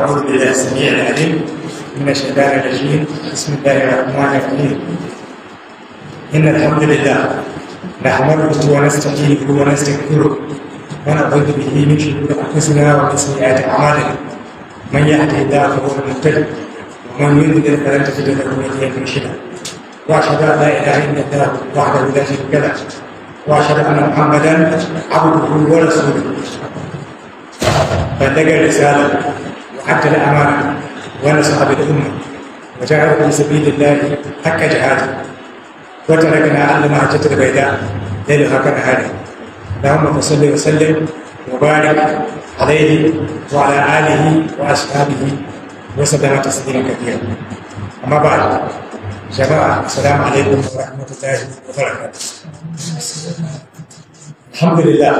أعوذ بالله السميع العليم من الشيطان الرجيم بسم الله الرحمن الرحيم إن الحمد لله نحمده ونستعينه ونستغفره ونعوذ به من شرور أنفسنا ومن سيئات أعمالنا من يهده الله فهو المهتد ومن يضلل فلن تجد له وليا مرشدا وأشهد أن لا إله إلا الله وحده لا شريك له وأشهد أن محمدا عبده ورسوله بلغ الرسالة أدى الأمانة ونصح بالأمة وجعل في سبيل الله حق جهاده وتركنا على حجت البيداء ليلها كنهارها اللهم صل وسلم وبارك عليه وعلى آله وأصحابه وسلم تسليما كثيرا أما بعد جماعة السلام عليكم ورحمة الله وبركاته الحمد لله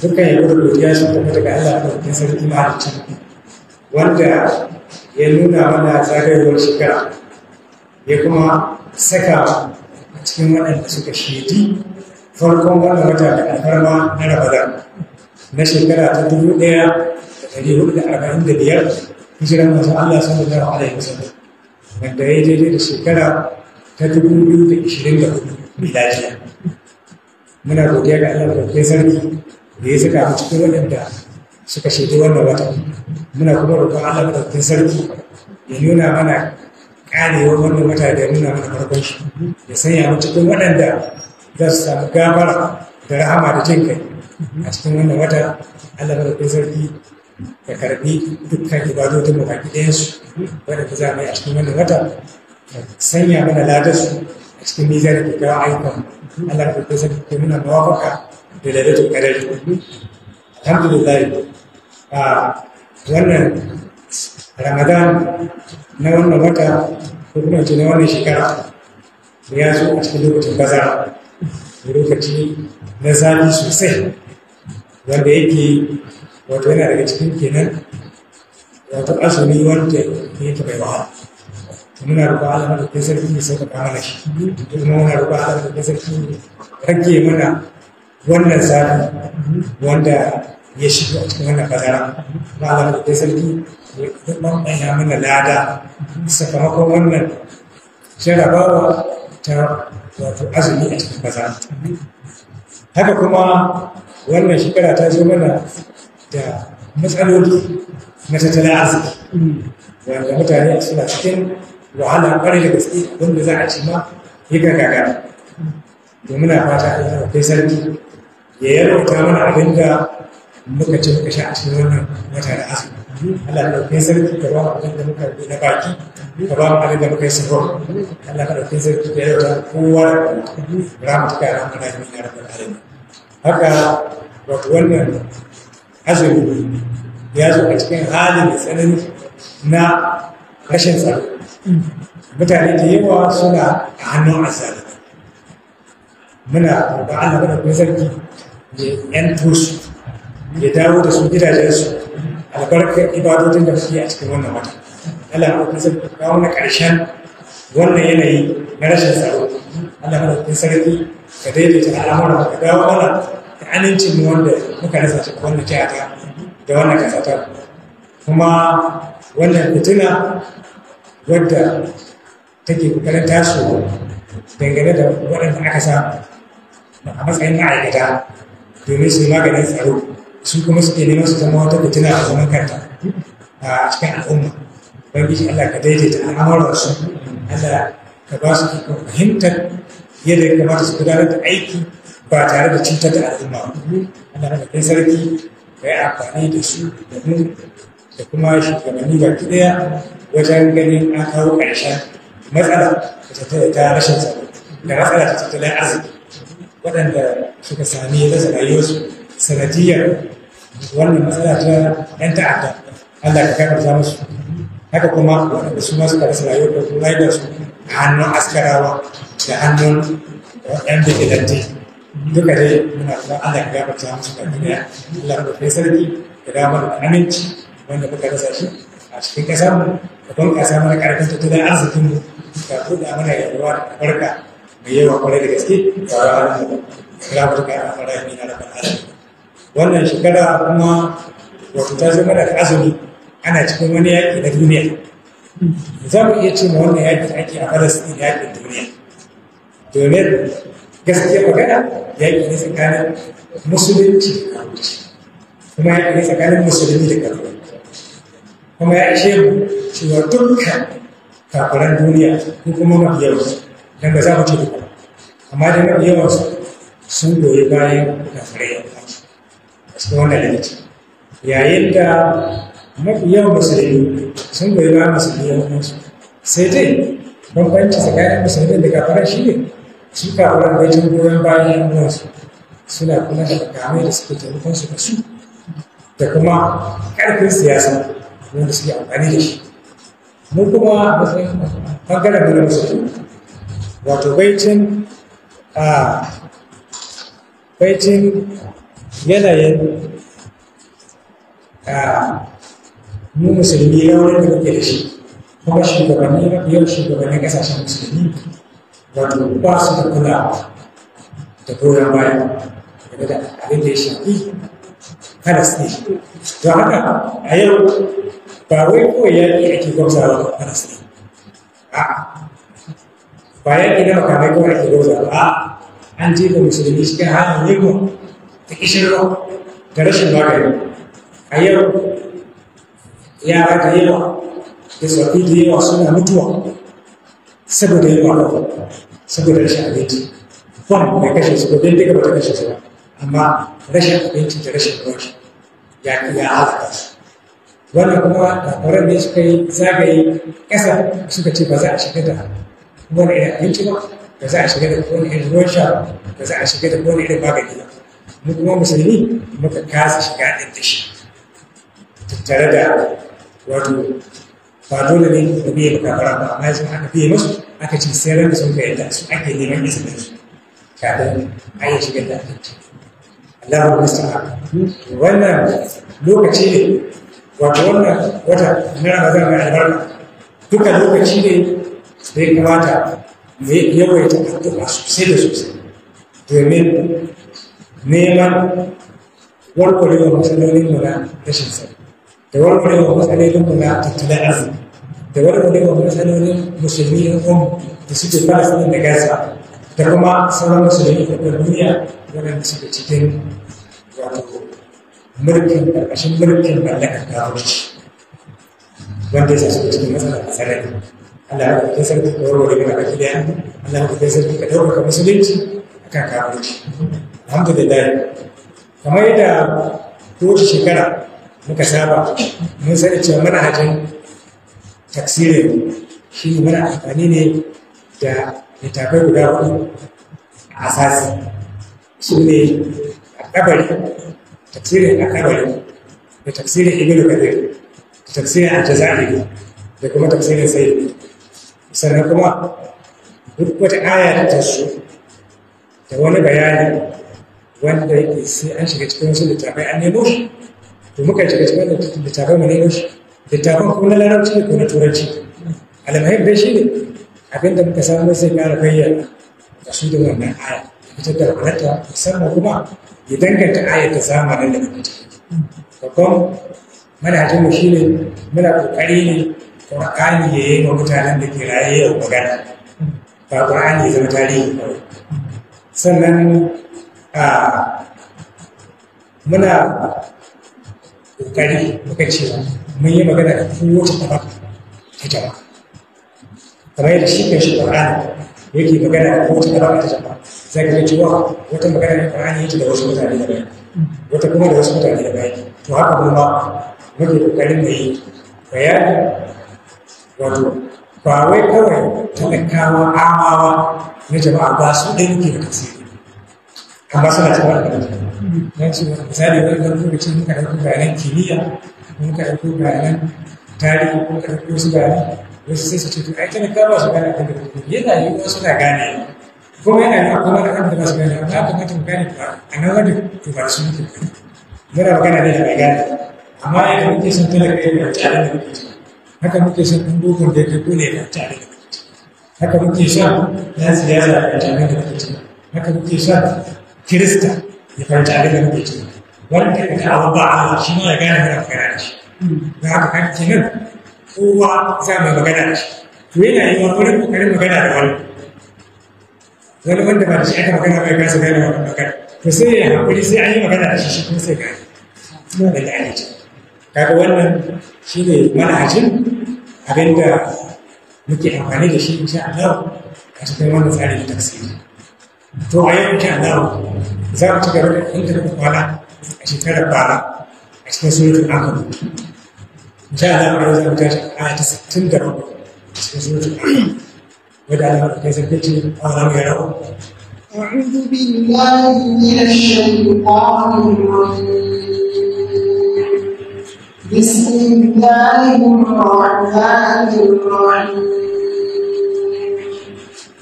dukkan ya يا godiya shi kuma daga Allah da sarki mahalicci wanda ya nuna mana zagayowar shekara ya kuma saka a cikin waɗanda suka shidi farkon wannan wata da alfarma na ramadan na shekara ta dubu ɗaya da ɗari hudu da arba'in da biyar hijiran masu allah sun sallallahu alaihi wasallam wanda ya daidai da shekara ta dubu biyu da ishirin da hudu miladiya muna godiya ga allah da sarki da ya saka a cikin waɗanda suka shidi wannan wata muna kuma roƙon Allah madaukakin sarki ya nuna mana karewar wannan wata da nuna mana farkon shi ya sanya mu cikin waɗanda za su samu gabar da rahama da jin kai a cikin wannan wata Allah madaukakin sarki ya karɓi dukkan ibadotin mu baki ɗayan su wanda ku za mu yi a cikin wannan wata ya sanya mana ladar su a cikin mizan da kyakkyawan ayyukan Allah madaukakin sarki ya nuna mawafaka da ladatul kadari alhamdulillah ah, wannan ramadan na wannan wata ko kuma ce na wannan shekara ya zo a cikin lokacin bazara lokaci na zafi sosai wanda yake wato yana daga cikin kenan wato asali wanda yake bai wahala muna roƙa Allah da kai sarki ne sauka mana shi kuma muna roƙa Allah da kai sarki ne rage mana wannan zafi wanda ya shiga a cikin wannan bazara malam da sarki ya bambanya mana lada sakamakon wannan jarabawa ta wato azumi a cikin bazara haka kuma wannan shekara ta zo mana da matsaloli na tattalin arziki wanda mutane suna cikin wahala kwarai da gaske wanda za a ci ma ya gagagara domin a fata a yi sarki ya yarwata mana abin da muka ce muka sha a cikin wannan wata da azumi Allah ya ɗauke sarki ka ba mu abin da muka na baki ka ba mu abin da muka yi sirrin Allah ka ɗauke sarki ka yauta kowa rahmatuka ya da ya mina rabbal alamin haka wato wannan azumi ya zo a cikin halin da tsanani na rashin tsaro mutane da yawa suna a hannun azzalimi muna da Allah ya ɗauke sarki ya ƴan tosu ya dawo da su gidajensu albarkar ibadodin da suke a cikin wannan wata Allah ma kusa kawo wani ƙarshen wannan yanayi na rashin tsaro Allah ma kusa sarki ka daidaita al'amuran ka dawo mana da amincin mu wanda muka rasa shi wannan jihata ta da wannan kasata kuma wannan fitina wadda take kokarin taso dangane da waɗanda aka sa a matsayin ma'aikata domin su maganin tsaro su kuma suke neman su zama wata fitina a zaman kanta a cikin al'umma ubangiji Allah ka daidaita al'amuran su Allah ka ba su ikon fahimtar yadda ya kamata su gudanar da aiki ba tare da cutar da al'umma Allah ka kai sarki ka yi amfani da su da mu da kuma shugabanni ki ɗaya wajen ganin an kawo ƙarshen matsala da ta rashin tsaro da matsala ta tattalin arziki waɗanda suka sami rasa rayuwarsu sanadiyar wannan matsala ta yan ta'adda Allah ka kafarta musu haka kuma waɗanda su masu karasa rayuwar su mai da su a hannun askarawa da hannun yan bidilanti duka dai muna kuma Allah ka gafarta musu da duniya Allah ka kai sarki da damar aminci wanda muka rasa shi a cikin ƙasar mu ka bunƙasa mana ƙarfin tattalin arzikin mu ka buɗa mana yawa da barka mai yawa kwarai da gaske ba za a rana da Kira barka da fara yi na rabar wannan shekara kuma wato ta zama daga azumi ana cikin wani yaƙi na duniya za mu iya cewa wannan yaƙi ake a falastin yaƙin duniya domin gaskiya magana yaƙi ne tsakanin musulunci da kafirci kuma yaƙi ne tsakanin musulmi da kafirci kuma ya ishe mu cewa dukkan kafiran duniya ko kuma mafi yawansu don ba za mu ce duka amma da mafi yawansu sun goyi bayan kafirai yan cikin wannan yayin da mafi yawan musulmi sun goyi ba musulmi yan uwansu sai dai bambanci tsakanin musulmi da kafaran shi ne su kafaran bai can goyon bayan yan uwansu suna kula da makamai da suke taimakon su da su da kuma ƙarfin siyasa wanda suke amfani da shi mu kuma matsayin bangaren mu na musulmi wato baicin ah, baicin yanayin ah, mu musulmi na da muke da shi kuma shugabanni yau shugabannin kasashen musulmi wato ba su da kula da goyon bayan daga da abin da ya shafi ne don haka a yau ba wai kawai yi ake wa kada su a'a ba yaƙi na makamai kawai ake gwamza a'a an jefa musulmi cikin halin yunwa da kishirwa da rashin magani a yau yara da yawa da tsofi da yawa suna mutuwa saboda yawa kafa saboda rashin abinci kwan da kashe su gobe daga wata kashe su ba amma rashin abinci da rashin ruwa ya ya halaka su wannan kuma labaran ne suka yi zagaye ƙasa suka ce ba za a shiga da wani irin abinci ba ba za a shiga da wani irin ruwan sha ba za a shiga da wani irin magani ba mu kuma musulmi muka kasa shiga ɗin da shi tattare da wato ba dole ne da biye fara ba amma yanzu aka biye musu aka ce sai ran da sun ga yadda su ake neman izinin su kafin a yi shigar da ake ci Allahu mustafa wannan lokaci ne wato wannan wata na Ramadan mai albarka duka lokaci ne da ya kamata mu yawaita addu'a sosai da sosai domin neman warwarewa matsalolin mu na rashin sani da warwarewa matsalolin mu na tattalin arziki da warwarewa matsalolin musulmi na kuma da suke falastin da gaza da kuma sauran musulmi da duniya waɗanda suke cikin wato mulkin ƙarƙashin mulkin mallakar kafirci wanda ya suke cikin matsalar matsalari Allah ya kai sarki ka warware mana baki ɗaya Allah ya kai sarki ka ɗaukaka musulunci akan kafirci alhamdulillah kamar yadda kowace shekara muka saba mun sani cewa manhajin taksirin shi ne mana amfani ne da littafai guda hudu a asasi su ne a kabari taksirin a kabari da taksirin ibn kadir da taksirin a jazari da kuma taksirin sai sannan kuma duk wata aya da su, da wani bayani wanda yake sai an shiga cikin wasu littafai an nemo shi to muka shiga cikin littafai mu nemo shi littafan ko na larabci ne ko na turanci bai dai ne abinda muka samu sai kara bayyana da su da wannan aya ita da kwarata musamman kuma ya danganta aya ta zamanin da muka ciki babban manajinmu shi ne muna kokari ne kani ya yi wa mutanen da ke raye yau magana ba ƙur'ani ya zama tarihi kawai sannan muna kokari muka cewa mun yi magana da wuce kafa ta jama'a kamar yadda shi kan shi ƙwararri yake magana da wuce kafa ta jama'a za ka ga cewa wata magana da ƙwararri yake da wasu mutane da bayani wata kuma da wasu mutane da bayani to haka mun kuma muke kokarin mu yi bayani wato ba wai kawai talakawa amawa na jama'a ba su ɗaya muke da tasiri kamar suna cewa ya ɓarki don misali wani wani lokaci muka ɗauki bayanan kimiyya muka ɗauki bayanan tarihi muka ɗauki wasu bayanan wasu sai su ce to ai talakawa su gane abin da kuma yana yiwuwa suna gane kuma yana yiwuwa kuma da abin da su gane amma haka mutum gane ba a nan wani to ba su muke gane muna magana ne da mai gane amma yadda muke son talaka yana tare da muke ciki haka muke son ɗan dogon da ya kai dole tare da muke ciki haka muke son na siyasa yana tare da muke ciki haka muke son kirista ya fahimci abin da muke ciki wanda ya kawo ba a shi ma ya gane muna magana da shi Ba haka kan kenan kowa za mu magana da shi to yana yi wani wani kokarin magana da wani wani wanda ba da shi aka magana bai gasa gane wani magana to sai ya haƙuri sai an yi magana da shi shi kuma sai gane suna da gane ce kaga wannan shi ne manhajin abinda muke amfani da shi in sha Allah a cikin wannan tsarin tafsiri to a yanke annabi ci gaba da inda muka kwana a shekarar bara a cikin suratul ankabut insha Allah mun za mu tashi a ta 67 cikin suratul ankabut wanda Allah ya kai sarkaci a wannan أعوذ بالله من الشيطان الرجيم بسم الله الرحمن الرحيم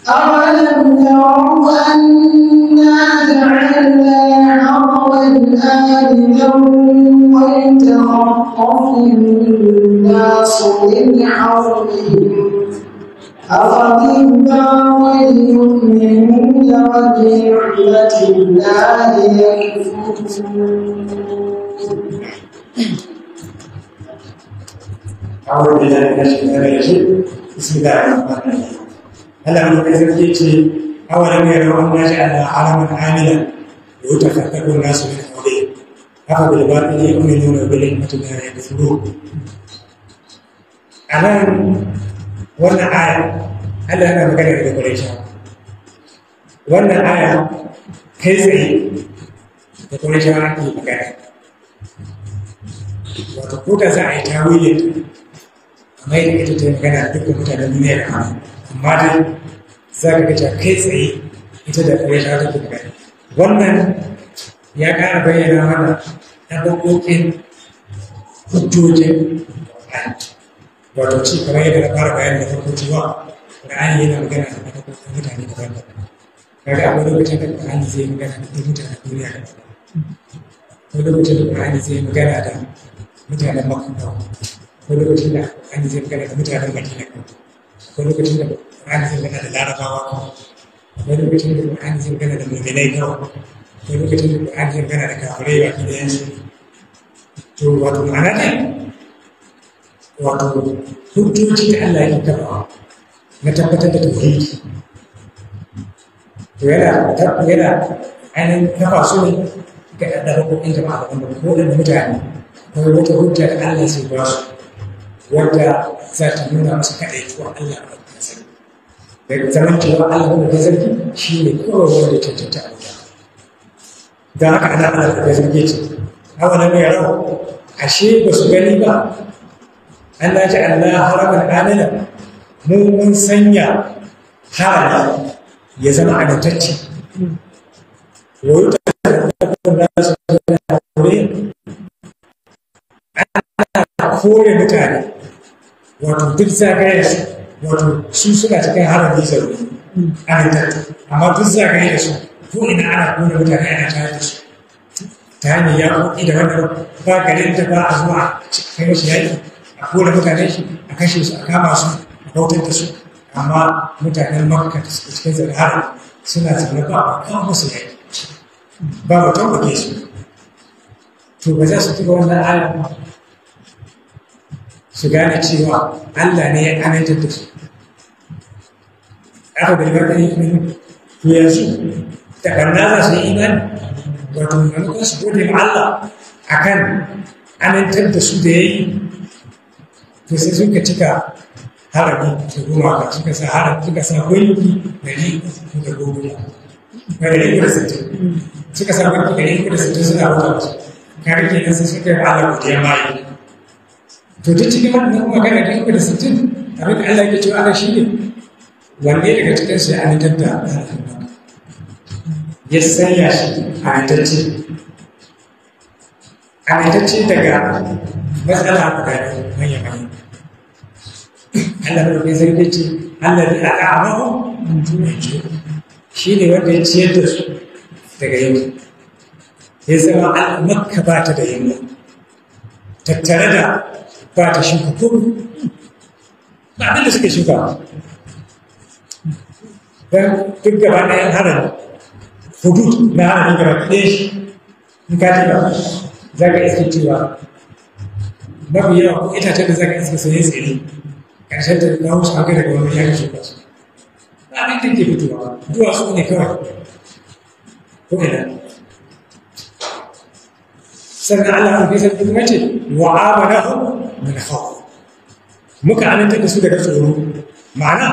أولم تروا أنا جعلنا أرضا آمنا ويتخطف الناس من حولهم أفبالباطل يؤمنون وبنعمة الله يكفرون أعوذ بالله من الشيطان الرجيم بسم الله الرحمن الرحيم Allah mun ga sarki ce awalan ya rawa anna ja'ala haraman amila yutafattaku nasu min awli haka bil batil yu'minuna bil hikmati la yakfurun anan wannan aya Allah yana magana da Quraysh wannan aya kai tsaye da Quraysh ake magana wato ko za a yi ta kamar yadda ta yi magana dukkan mutanen duniya amma dai za ka gaja kai tsaye ita da kare ta kake magana wannan ya ƙara bayyana mana na dokokin hujjojin wato ci kamar yadda na fara bayani da farko cewa ra'ayi yana magana da matakokin mutane daban daban kaga akwai lokacin da ra'ayi zai magana da mutane duniya da akwai lokacin da ra'ayi zai magana da mutanen makon akwai lokacin da ra'ayi zai magana da mutanen madina akwai lokacin da Qur'ani zai gana da larabawa akwai lokacin da Qur'ani zai gana da mu'minai kawai akwai lokacin da Qur'ani zai gana da mana baki da yansu to wato ma'ana ne wato hujjoji da Allah ya kafa na tabbatar da tauhidi to yana yana ainihin kafa su ne ga ɗaɗɗaɓa kuɗin jama'a da kuma kowane mutane akwai wata hujja da Allah sai ba su za ta nuna masa kaɗaituwa Allah a ɗan sarki daga zamantawa Allah ba ta sarki shi ne kawai wanda cancanta a wuta don haka ana ana da zarge ce hawa na mai rawa ashe ba su gani ba an na ji Allah haramun amina mu mun sanya harama ya zama adantacce wauta da za su zama kore mutane wato duk da su wato su suna cikin harami zaune a amma duk da su ko ina ana kone mutane ana tare da su ta hanyar ya kuɗi da wannan ba garin da ba a zuwa shi ya yi, a kone mutane shi a kashe su a kama su a bautar da su amma mutanen makka da suke cikin zai harami suna zaune ba a kawo musu yaƙi ba mutum ba ke su to ba za su tuba wannan ayar su gane cewa Allah ne ya aminta da su aka bai bar ɗan imani to yanzu ta ƙarna za su yi iman wato maimakon su gode ma Allah akan amintar da su da ya yi to sai suka cika harami da ka suka sa harami suka sa gwanki da ne da goguna da yi da sittin suka sa gwanki da ne da sittin suna wata kare nan sai suka yi ala godiya bayan to duk cikin wannan magana da uku da sittin tare da Allah ke cewa shi ne wanne daga cikin su ya amintar da ya sanya shi a amintacce amintacce daga matsala guda biyu manya manya Allah bai bai zarge ce Allah bai a ƙaho shi ne wanda ya ciyar da su daga yau ya zama al'ummar ka ba ta da yamma tattare da ba ta shuka ko ba abin da suke shuka ba duk gaba ɗaya harin hudu na harin gaba ɗaya shi in ka ce ba za ka iske cewa Na ku yawa ce da za ka iske sai yanzu ne ƙarshen da na wuce haka daga wani yanki shuka su ba abin da ke fitowa duwatsu ne kawai ko ina sannan Allah an fisar hikmati wa amanahu min khawf muka ananta da su daga tsoro ma'ana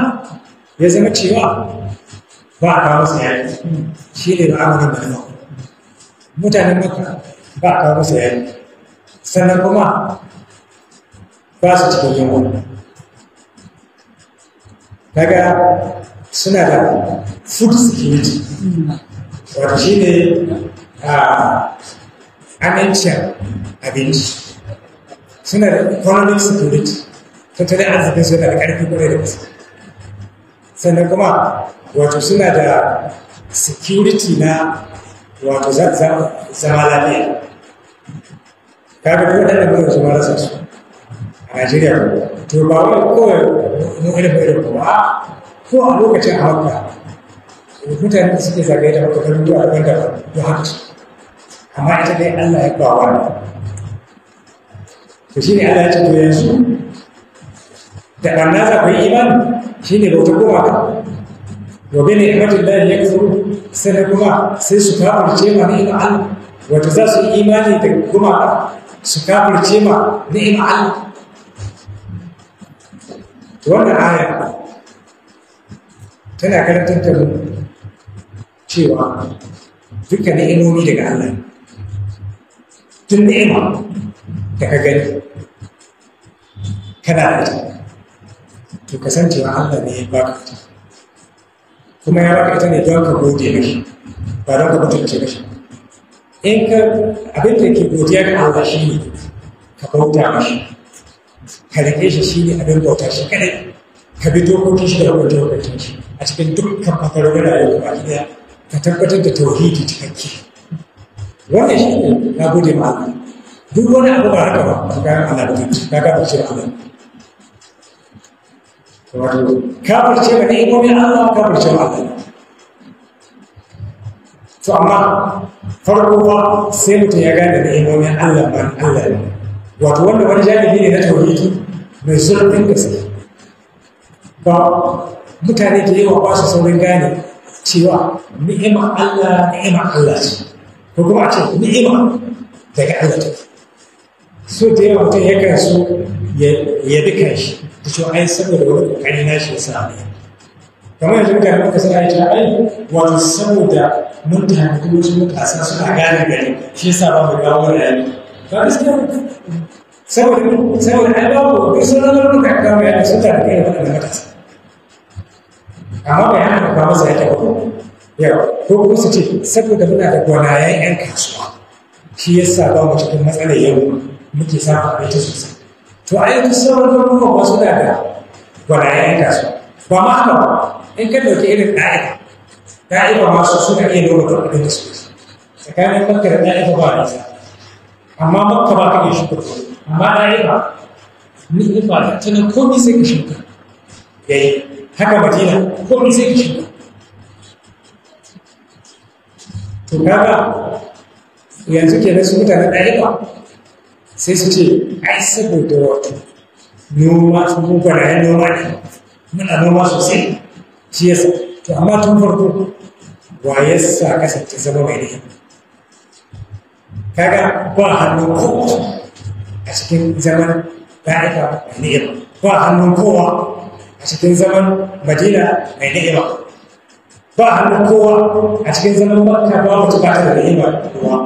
ya zama cewa ba a kawo masa yayi shi ne ba amanan da khawf mutanen maka ba a kawo masa yayi sannan kuma ba su cikin yawan daga suna da food security wata shi ne ah, amincin abinci suna da economic security tattalin arzikin suna da ƙarfi kwarai da gaske sannan kuma wato suna da security na wato zama lafiya kaga duk waɗanda muka zama rasa su a Najeriya to ba wai kowai mu irin mu irin ko a lokacin a haka mutane da suke zagaye da mutane da daban-daban da haka su amma ita dai Allah ya kawo wannan to ne Allah ya ce to yanzu da ɓarna za ku yi iman ne bauta kuma ka gobe ne imatin Allah ya kuro sai kuma sai su kafirce ma ni'ima Allah wato za su yi imani da kuma ka su kafirce ma ni'ima Allah wannan aya tana karantar da mu cewa dukkan ni'imomi daga Allah ne tun ni'ima da ka gani kana da Allah baka kuma ya baka ba in ka ke godiya ga shi ne ka bauta shi ne abin bauta shi ka bi da shi a cikin dukkan fakarorin rayuwa ba ɗaya ka tabbatar da tauhidi cikakke wannan shi ne na gode ma Allah abu ba haka ba kayan Allah ne ka Allah kafirce ba ne Allah kafirce ba Allah to amma farko ba sai mutum ya gane da Allah ba Allah wato wanda wani jami'i ne na tauhidi mai zurfin gaske ba mutane da yawa ba su saurin gane cewa ni'ima Allah ni'ima Allah ce ko ni'ima daga Allah ta da yawa mutum yakan so ya bi kanshi ta ce ai saboda wani kokari na shi sa ne kamar yanzu mutane muka suna yi ai wato saboda mun kuma su matasa suna gane gari shi yasa ba mu gawo rayu ba gaskiya saboda saboda ai babu sun zama mun kakkawa ya sun tafi kai da matasa amma bayanin ba masa yake ba yawa ko kuma su ce saboda muna da gwanayen 'yan kasuwa shi yasa ba mu cikin matsalar yau muke samun abinci sosai to a yanzu sauran garuruwa ba su da gwanayen 'yan kasuwa ba ma haka ba in ka dauki irin ɗa'iba ɗa'iba ma su suna iya noma da abin da su tsakanin makka da ɗa'iba ba nisa amma makka ba ka iya shuka amma ɗa'iba ni in ba ta nan komai sai ka shuka yayi haka madina komai sai ka shuka to yanzu ke kenan su mutanen ɗariƙa sai su ce ai saboda wato noma sun da ya noma ne muna noma sosai shi sa to amma tun farko wa ya sa kasance zama mai ne kaga ba hannun kowa a cikin zaman ɗariƙa mai ne ba hannun kowa a cikin zaman madina mai ba? ba hannun kowa a cikin zaman makka ba wata ba ta da ni'ima kowa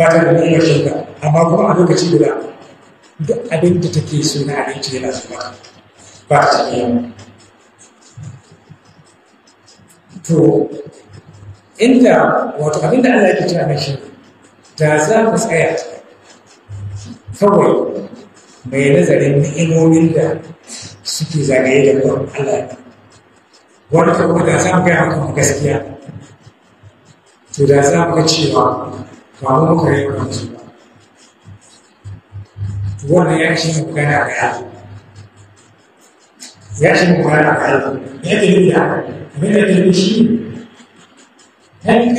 ba ta da ni'imar shirka amma kuma a lokaci guda duk abin da take so na abinci yana zuwa ba ta ta ni'ima to inda wato abin da Allah yake kira na shi da za ku tsaya kawai mai nazarin ni'imomin da suke zagaye da Allah wani tabo da za mu gaya maka gaskiya to da za mu ga cewa ba muka yi kwanci ba wannan ya ce mu gana ga ya ya ce mu gana ga ya ya ke ya ne? da ke yi ya kai mu dan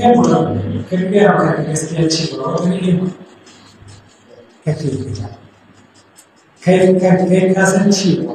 kai mu kan gaya maka gaskiya cewa wata ni'ima kake yi ta yi ka san cewa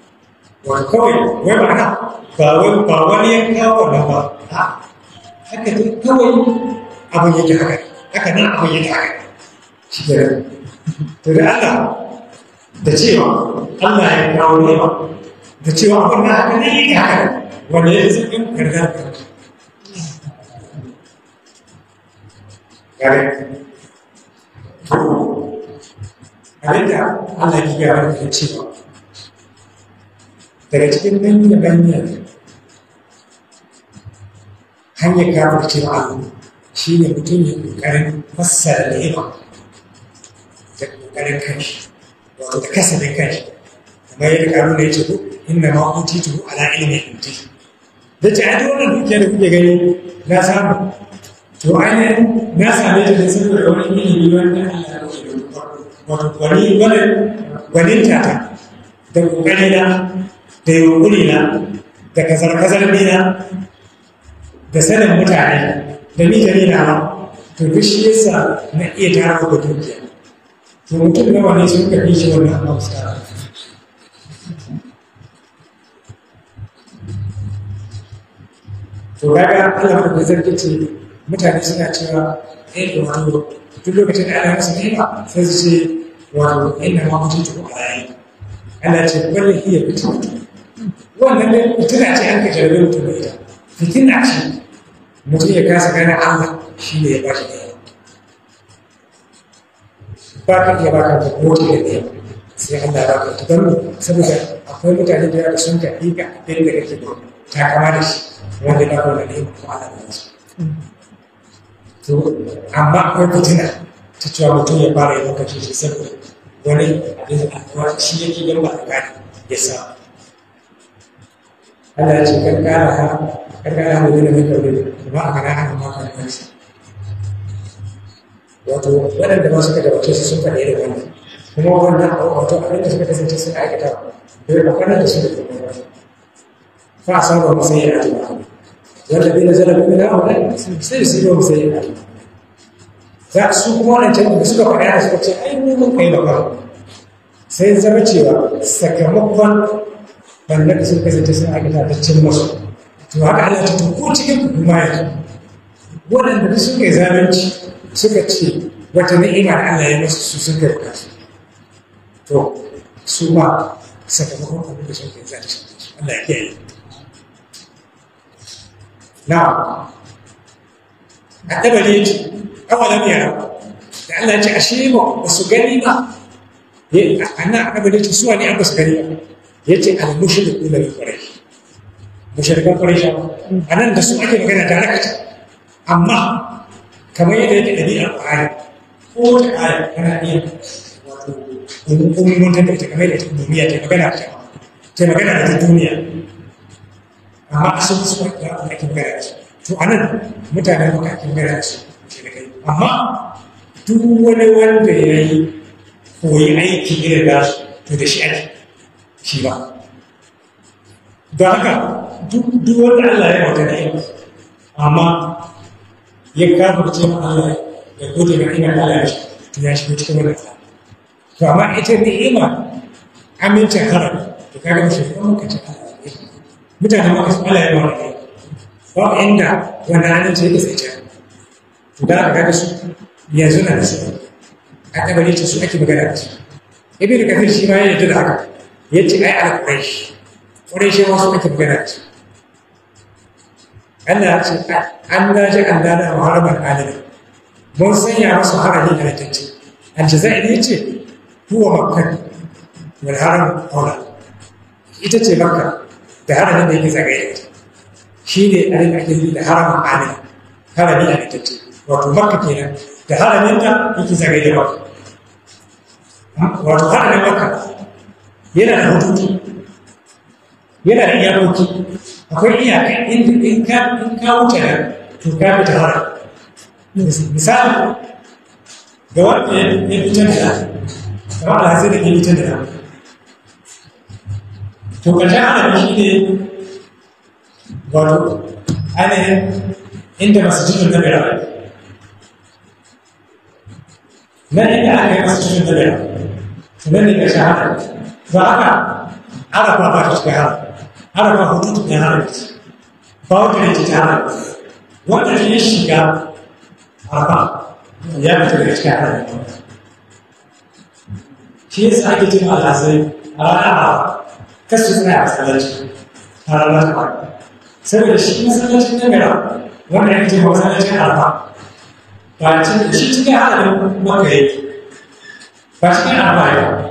kawai wai ma'ana ba wai ba wani ya kawo ba haka ne kawai abin yake haka haka nan abin yake haka shi ke to da Allah da cewa Allah ya kawo nema da cewa abin na haka ne yake haka wanda ya zaɓin kargar kargar gare Allah ya gyara da cewa daga cikin dangi da dangi hanyar kafar cewa abu shi ne mutum ya ƙoƙarin fassara da yawa da ƙoƙarin kanshi wato da kasafin kanshi inna ma tu ala ilmi inti da ce ai wannan dukiya da kuke gani na samu to ai na same ta ne saboda wani ilimi wanda Allah ya rubuta wato wani wani gwaninta ta da da yunkurina da kazar-kazar nina da sanin mutane da ni da nina ma to duk shi yasa na iya tara ku dukiya to mutum nawa ne sun fi shi wannan hausa to kaga Allah da zarki ce mutane suna cewa eh to wato duk lokacin da ana musu nema sai su ce wato inna ma mutuntu ku alayi ana ce kullu hiya fitnatu wannan da fitina ce an ka jarabe mutum da ita fitina ce mutum ya kasa gane Allah shi ne ya ba shi ɗaya ba ka iya baka da mota da ɗaya sai Allah ba ka ta saboda akwai mutane da yawa sun tafi ga abin da kake da takama da shi wanda na kuma da ko Allah da su to amma akwai fitina ta cewa mutum ya fara yi lokaci shi saboda wani abin da shi yake gaba a gane ya samu Allah ya ce kan kara ha kan kara ha da mai kaure ba a kana ana ma kan kansa wato waɗanda ma suka gabace su sun faɗi irin wannan kuma wannan wato abinda suka kasance sun aikata bai kwanar da su da kuma fa a saba musayya'a ta والذين زلموا من هؤلاء سيصيبهم سيئات za su kuma wancan suka faɗi suka ce ai mu mun kai baka sai zama cewa sakamakon barnar da sun ta sun aikata ta cin masu to haka Allah ta ko cikin kuma yanzu waɗanda da suka yi zalunci suka ce wata ni'ima da Allah ya masu su sun kai kasu to su ma sakamakon abin da suka yi zalunci Allah ya kiyaye na a tabari awalan yara da Allah ya ce a ashe ba su gani ba eh, a ana a ji su wani an ba su gani ba ya ce da mushrik ila quraish mushrikan quraish a nan da su ake magana rakata, amma kamar yadda yake dabi'a qur'ani ko wata ayar kana iya wato ummuntar da ita kamar da duniya ta magana ta ta magana da duniya amma asalin su da ake magana da su to anan mutanen maka ake magana da su amma duk wani wanda ya yi koyi aiki irin da to da shi ake shi ba da haka duk wanda Allah ya magana ya amma ya kafarce ma Allah ya gode na ina Allah ya shi to ya shigo cikin wannan to amma ita ni'ima amincin harabi to kaga mace ko muka ce mutane ma kasu Allah ya ba wa ba inda wanda aminci yake sai ta to da aka kaga su yanzu na da su a kabari su ake magana da su da kafin shi ma ya yadda da haka يجي أي على قريش قريش ما سمعت تبقينات أنا أشوف أنا أشوف أن أنا أهرب على ذي من سين يا رسول الله عليه الصلاة والسلام أن جزاء ليجي هو مكة من هرم أولا إذا جي مكة تهرب من ذي جزاء ليجي شيني أنا أحكي لي هرم على هرم على ذي جزاء وقت مكة كنا تهرب من ذي جزاء ليجي مكة وقت هرم مكة yana da hukunci yana da iyakoki akwai iyaka in in ka in ka wuce nan to ka fita hara misali ga wanda ya fitar da kamar alhazi da ke fitar da to karshe ana shi ne wato ainihin inda masjidin nabira nan inda aka yi masjidin nabira nan ne karshe haka فأنا أنا ما بعرف تكهرب أنا ما باباك تكهرب أنت تكهرب وأنا في إيش الشقة أربعة يا بتوع تكهرب في سعيد كتير على العزيز أنا الأعراض كسر سنة على أنا على أعرف سوي الشيء مثلا تكهرب وأنا عندي مثلا تكهرب فأنت الشيء تكهرب ما كهرب فأنت أربعة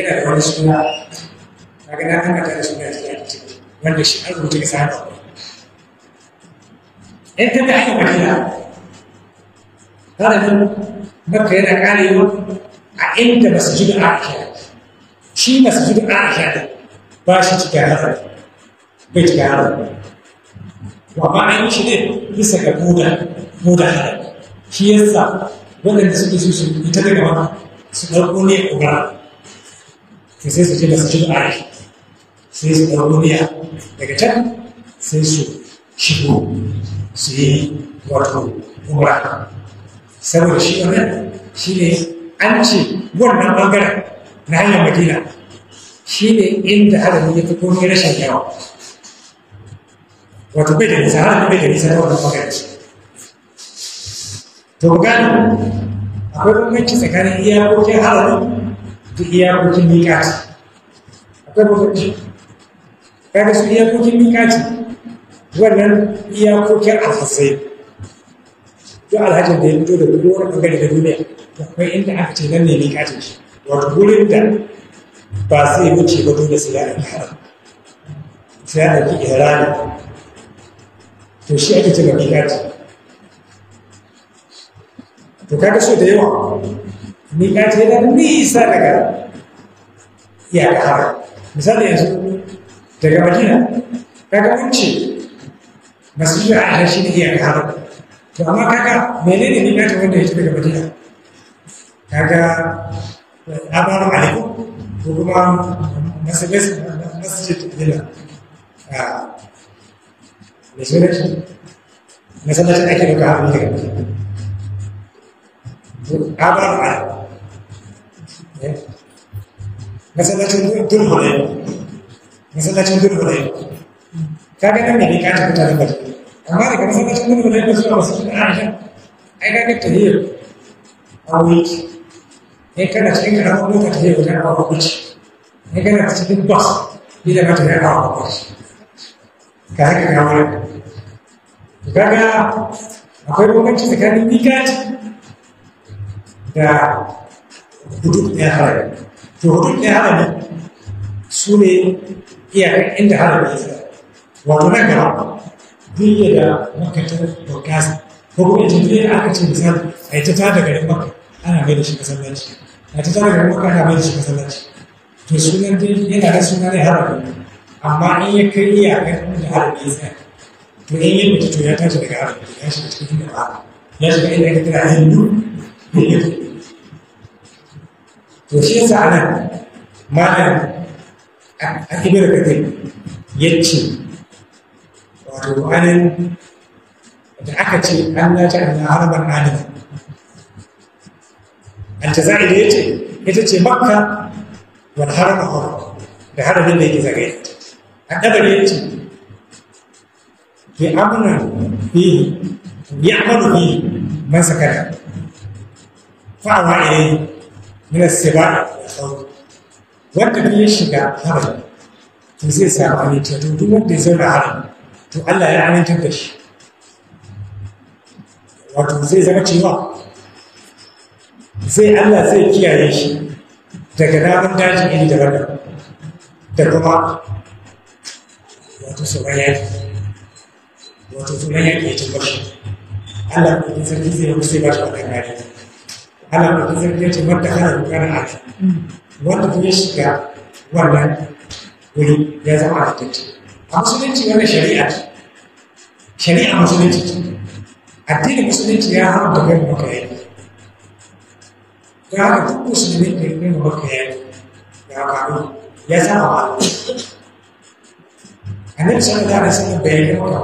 yana da wani suna kaga na hana ta da suna cikin ake ciki wanda shi an rubuta ka sa haka in ka ta hanyar madina harafin makka yana karewa a inda masjidin aisha shi masjidin aisha ne ba shi cikin harafin bai cikin harafin wa ba an yi shi ne bisa ga buda buda hada, shi yasa waɗanda suke su su ita daga wani su ɗauko ne a ƙura to sai su je da sajid ake sai su ɗau duniya daga can sai su shigo su yi wato umra saboda shi nan shi ne an ce wannan ɓangaren na hanyar madina shi ne inda harami ya fi komai rashin yawa wato bai da nisa harami bai da nisa na wannan ɓangaren to gani akwai bambanci tsakanin iyakokin harami duk iyakokin miƙati akwai bambanci kaga su iyakokin miƙati wannan iyakokin alhassai duk da ya fito da duk wani ɓangare da duniya akwai inda aka ce nan ne miƙatin shi wato wurin da ba sai wuce ba dole sai ya ɗauki haram sai ya ɗauki ihrami to shi ake cewa miƙati to kaga so da yawa miƙaci yana nisa daga iyaka har misali yanzu daga madina kaga mun ce masjidin aisha shi ne iyaka har to amma kaga menene miƙaci wanda ya daga madina kaga eh, abaru alaikum ko kuma masjid bila ah, mai sunan shi masallacin ake daga hannu daga Okay? Mesela çöndür, dur buraya. Mesela çöndür buraya. Kaga ne ne kaç kutu ne kaç. Ama ne mesela çöndür buraya nasıl olsun? I can get to here. A week. Ne kadar çekin ama ne kadar here ne kadar week. Ne kadar çekin bas. Bir de kadar ne kadar bas. Kaga ne kadar. Kaga akwai bambanci tsakanin mikat da hudud ɗaya harami to hudud ɗaya harami su ne iyakar inda harami ya tsaya wato na gaba duk da makatar bukasa ko kuma ita ne aka ce misali a ita ta daga garin maka ana mai da shi masallaci a ita ta daga garin maka ana mai da shi masallaci to sunan dai yana da suna ne harami amma in ya kai iyakar inda harami ya tsaya to in yi mutu to ya tashi daga harami ya shiga cikin inda ba ya shiga inda aka kira hindu ne to shi yasa anan malam a kibir kadir ya ce wato anan da aka ce an ya ce an harabar anan al-jaza'ir ya ce ita ce makka wal harba hor da haramin da yake zagaye a dabar ya ce ya amina fihi ya amina fihi man sakana fa'awa ilayhi mina siba wanda duk ya shiga harami to zai samu aminta to duk wanda ya zauna harami to Allah ya amintar da shi wato zai zama cewa zai Allah zai kiyaye shi daga namun dajin iri da wannan da kuma wato sauran yaki wato tunan yaki ya cin bashi Allah kuma sarki zai musu ba shi wannan yaki Alam representative Madhya Karnataka one of which the government will reserve architect. A musulunci wani shari'a ce, shari'a musulunci ce, addinin musulunci ya haramta kai maka yaki. Ya haka duk musulmi da ya nuna maka yaki da haka ya sa a wani. Annabi sallallahu alaihi wasallam bai yi maka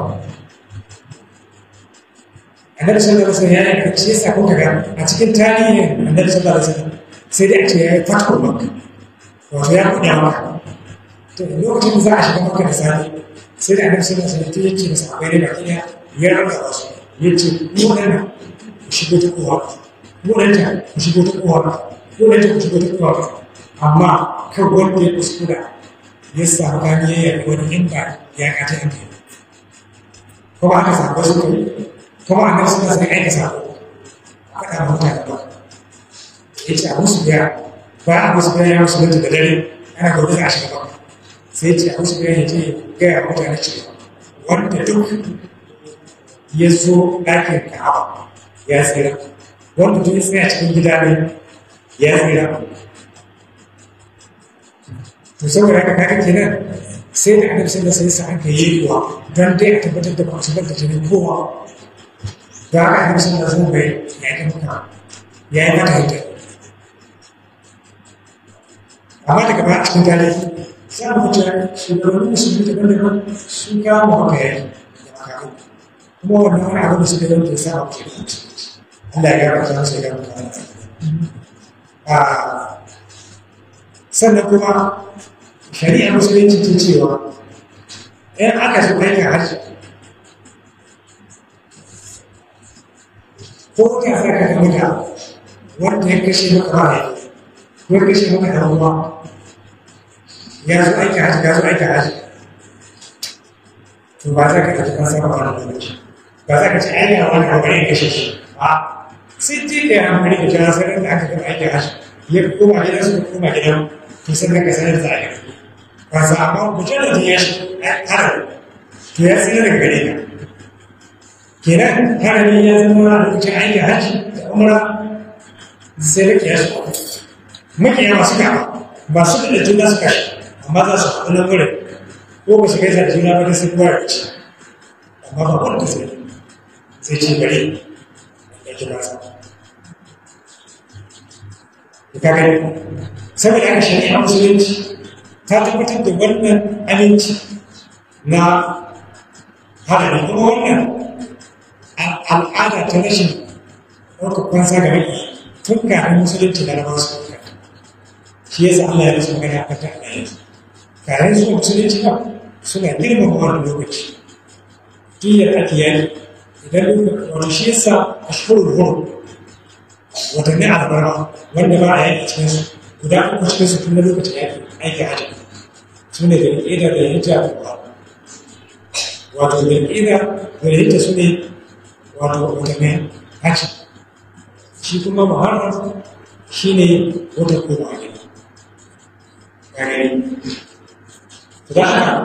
annabi sallallahu alaihi wasallam ya yi yasa kuka ga a cikin tarihin annabi sallallahu alaihi wasallam sai dai a ce ya yi fatko maka wato ya kuɗa maka to lokacin da za a shiga maka da sani sai da annabi sallallahu alaihi wasallam ya ce masa akwai riba kina ya raba ba su ya ce ku nan ku shigo ta kowa ku nan ta ku shigo ta kowa ku nan ta ku shigo ta kowa amma kan wanda ya kuskura ya samu gani ya yi wani inda ya kata inda ko ba ka samu wasu kai kuma a sallallahu alaihi wasallam ya aika faɗa mutane ba yace a musu biya ba abu su biya ya musu da dare ana gobe za a shiga ba sai ce abu su biya ya ce gaya mutane cewa wanda duk ya zo ɗakin ka'aba ya tsira wanda duk ya tsaya cikin gida ne ya tsira to saboda haka kaga kenan sai da annabi sallallahu alaihi wasallam ka yi wa don dai a tabbatar da ba su bar da jinin kowa da haka annabi sallallahu ya tafuka ya yi mata hita amma daga baya cikin tarihi sai mu ta shugabannin musulmi daban-daban sun kama maka yaki da makakai kuma wani abin da suka yi da sa abu ke da Allah ya gaba ta sai ya gaba ta sannan kuma shari'a musulunci ce cewa in aka zo aikin hajji ko da za ka buga wanda ya kashe maka ba ya kashe maka da ruwa ya zo aiki haji ya zo aiki haji to ba za ka tafi kan sama wani lokaci ba za ka ci ai ya wani kokari ya kashe shi a sai ji da ya hankali da sanar da aka sanar da ba da ya to ya sanar da kenan harami ya zama wani abu cikin aiki hajji da umra sai makiya su kuma makiya masu kama ba su da juna su kashe amma za su haɗu na wurin ko ba su gaisa da juna ba ta sun gwara ci amma ba kwanta sai sai ce bari ya kira sa ka gani saboda aka a musulunci ta tabbatar da wannan aminci na haɗari kuma wannan al'ada ta rashin ɗaukar kwanza ga riƙi tun kafin musulunci da rabar su ɗauka shi yasa Allah ya rasu magana a kan alayi kafin su musulunci ba suna girmama wani lokaci tun da ake yaki idan lokaci wato shi yasa a shukurin huru watanni albarma wanda ba a yaki cikinsu guda uku cikinsu tun da lokacin yaki aiki a jami'a su ne da ƙida da hijja wato da ƙida da hijja su ne wato ulama haji shi kuma muharram shine wata koma gida gare da haka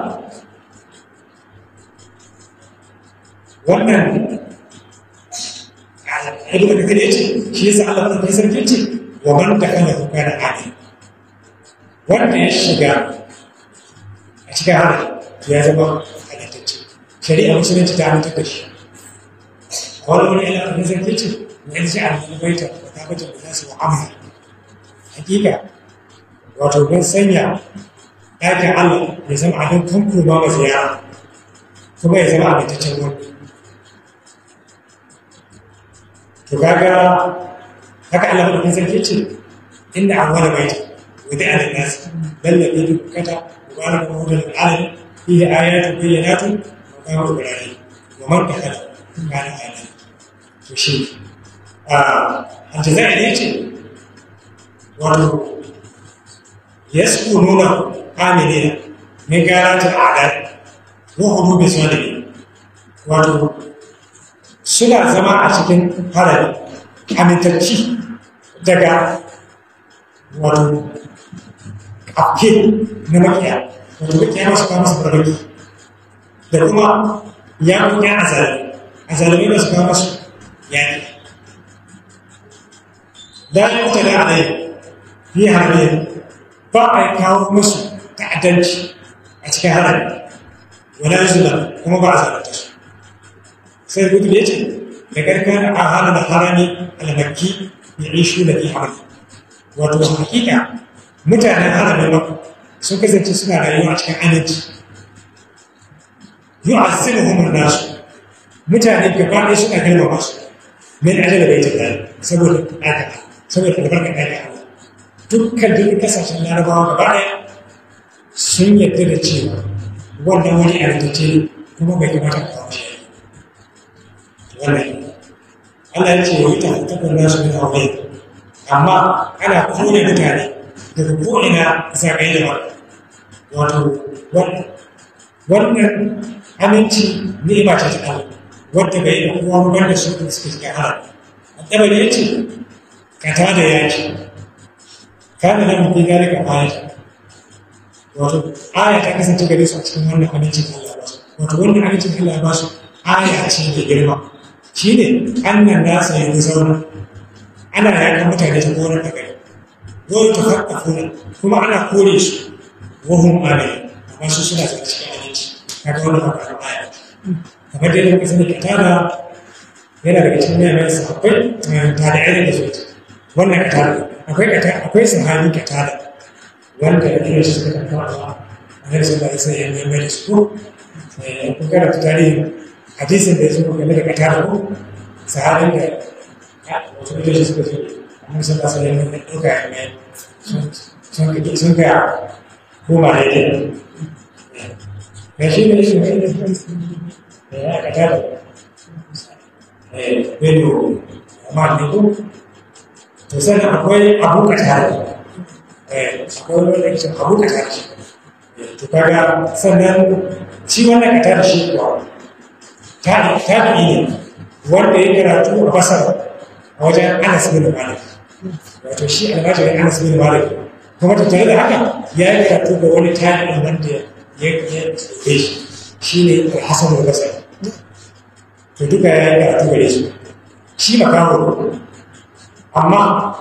wannan ibn kathir ce shi yasa Allah ta kaisar yace wa man dakala kana ali wanda ya shiga a cikin hali ya zama halattacce shari'a musulunci ta mutunta shi wani wani yana abin zai ce na yanzu a wani baita da ta bata da za su mu'amala hakika wato bin sanya ɗakin allah ya zama abin kan kuma ma ziyara kuma ya zama amintaccen wani to kaga haka allah maɗaukin sarki kicin inda an wani baita wadda a da nasi balla bai duk kata mubarak mahudar al'adar fiye ayatun tun ma kawo ibrahim wa man ta kata in mana ana to shi ah, ce wani ya nuna mai garanta a ne wani suna zama a cikin harari hamitacci daga wani ake na makiya wani makiya masu kama su da kuma ya kuma ya azari الغالبية بس كمان مصر يعني da ta da ne yi harbe ba a kawo masu ta'addanci a cikin harbe wani zula kuma ba a zarata su sai gudu da ya ce da karkar a hana da harami almakki ya yi shi da fi harbe wato hakika mutanen suna a cikin nasu mutane gaba ɗaya suna girmama su min ajal baitin lahi saboda ɗaka saboda albarka ɗaka Allah dukkan duk kasashen larabawa gaba ɗaya sun yadda da cewa wannan wani arziki ne kuma bai kamata ka kawo shi wannan Allah ya ce wa ita na nasu min wani amma ana kone mutane daga ko'ina zagaye da wato wannan aminci ni'ima ce ta kawo wadda bai yi kowa wadda da su da suke suka haɗa a tsaba da ce ka ta da yaki ka da mafi gari ka baya wato aya ta kasance gare su a cikin wannan amincin Allah ba su wato wannan amincin Allah ba su aya ce da girma shi ne annan nasa ya yi zauna ana yakan mutane ta gonar da gari zai ta haɗa kuma kuma ana kore su wahun ɓare amma su suna cikin aminci kaga wani ba ka baya kamar da yadda sani katada yana daga cikin manyan sahabbai eh, tabi'ai da su wannan katada akwai katada akwai sahabi katada wanda ya kira shi suka kafa a nan sun bari sai da su eh, kun karanta tarihin hadisin da ya zo game da katada ko sahabin da wasu mutane suka zo amma sun ba su da nemi ɗauka ya mai sun kai koma Gashi shi ne shi ne da ya ka tada eh bello amma ne ko to sai akwai abu ka tada eh akwai wani da ke abu ka tada eh, to kaga sannan shi wannan ka tada shi kuwa ta ta ne wanda ya karatu a basar a wajen Anas bin Malik wato shi almajiri Anas bin Malik kuma to tattare da haka ya yi karatu ga wani tabi'in wanda ya ɗauke shi shi ne alhassan wani sai to duka ya yi karatu gare su shi makaho amma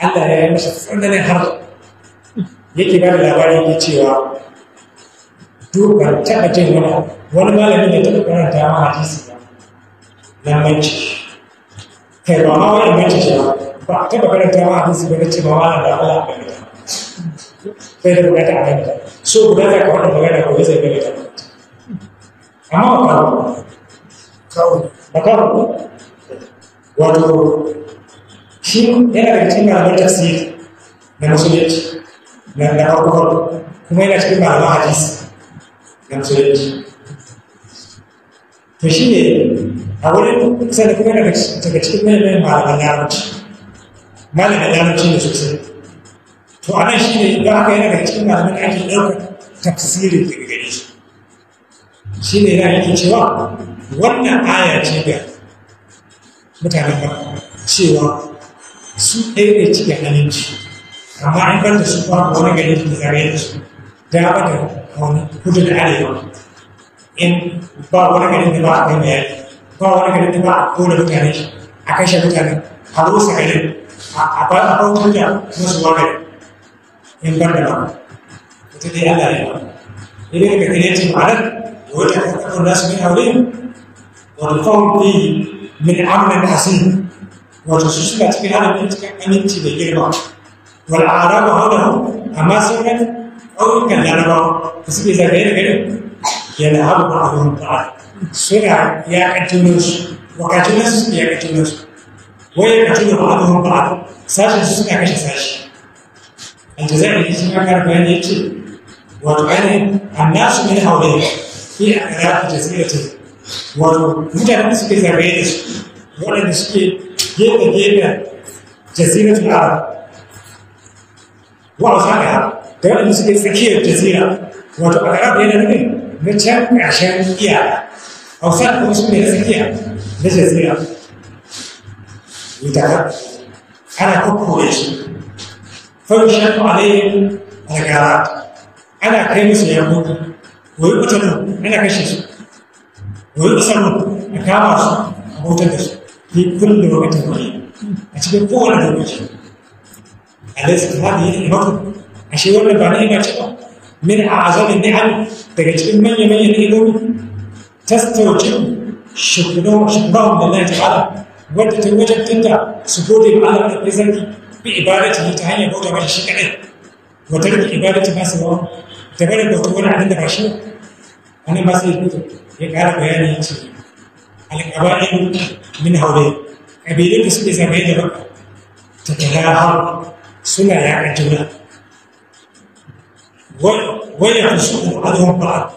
allah ya yi masa tsananin har yake ba da labarin ya cewa dukan taɓa jin wani wani malamin da taɓa karanta ma hadisi ba na manci kai ba ma wani manci shi ba ba a taɓa karanta ma hadisi ba na ce ba wani da ala ba Fedha kuleta aenda, sio unaweza kuwa na magari kuweza kupeleka ama kauli makao watu kim yana katika ambacho si na msoleji na na kwa kuma yana cikin malama hadisi na msoleji to shi ne a wurin kusa da kuma yana daga cikin malaman larabci malaman larabci ne sosai to a nan shi ne don yi yana daga cikin malamin da ake ɗaukar tafsirin daga gare shi shi ne yana yake cewa wannan aya ce ga mutanen ba cewa su ɗaya ne cikin halinci amma an bar da su ba wani gari da zare su da ba da wani kudu da arewa in ba wani gari da ba a kai bayani ba wani gari da ba a kone mutane a kashe mutane a rusa gari a ba a bautar da musu wani gari in ban da ba mutum dai Allah ya ba idan ka kare ta ma'anar da wata ka tafi nasu min aure wani kawon ɗi min amuran da hasin wato su suka cikin halin cikin aminci da girma wal arabu hada amma sun ga ƙauyukan larabawa da suke zagaye da garin yana haɓu ba abin ta'a suna yaƙancin nasu wakacin nasu suke yaƙancin nasu wai yaƙancin da ba abin ta'a sashen su suka kashe sashi الجزائر التي كانت بين يدي وبين الناس من حولهم في أغراض جزيرته ومتى نسكي زرعيش ولا نسكي جيبة جيبة جزيرة العرب وأوسعها دولة نسكي تسكير الجزيرة وتقرب إلى نبي نتشاف عشان إياها أوسعها مسؤولية تسكير للجزيرة يتعب على كل farshen alayi da gara ana kai musu yan mutu wuri mutane ana kashe su wuri kusan mutu a kama su a mutar da su ne kullum da wata a cikin kowane lokaci a da su kama da yi a mutu a shi ba na ima cewa min a azalin ni an daga cikin manya-manya na ilo tastauci shukunan shukunan da na jihara wadda ta wajen tunda su gode ma'ana da ɗan sarki bi ibadati ta hanyar bauta masa shi kadai wa tarbi ibadati ma sawa da bare bauta wani abin da ba shi Wani ba su yi fito ya ƙara bayani ya ce alqaba'il min hawlay Ƙabilun da suke zama yadda ba ta har suna yaƙa juna waya ta su a adon ba?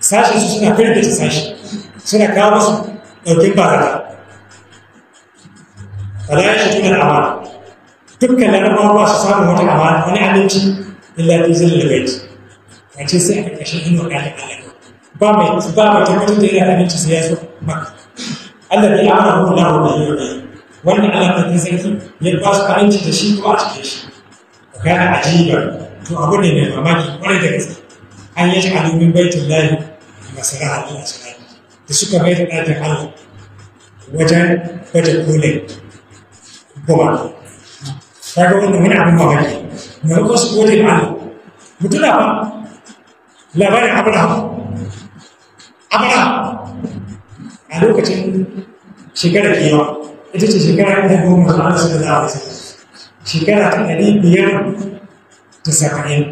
sashen su suna firin da ta sashi suna kawo musu ɗaukin barata fala ya shi tunan amana dukkan larabawa ba su samun wata amana wani abinci illa fi zilla bait ya ce sai a ƙarƙashin inuwa ga Allah ba mai ba mai tabbatar da yana abinci sai ya so maka Allah bai amana mu lahu da yau da wannan Allah ne zai ya ba su abinci da shi ko a cikin shi kana ajiba to abu ne mai mamaki kwarai da gaske an yi a domin baitin lahi masara a su da suka bai da ɗakin Allah wajen baje kolin goma kaga ga wannan wani abin mamaki maimakon su gode ba. mutuna ba labarin abraham abraham a lokacin shekarar kewa ita ce shekara ta goma da an suka shekara ta ɗari biyar da saba'in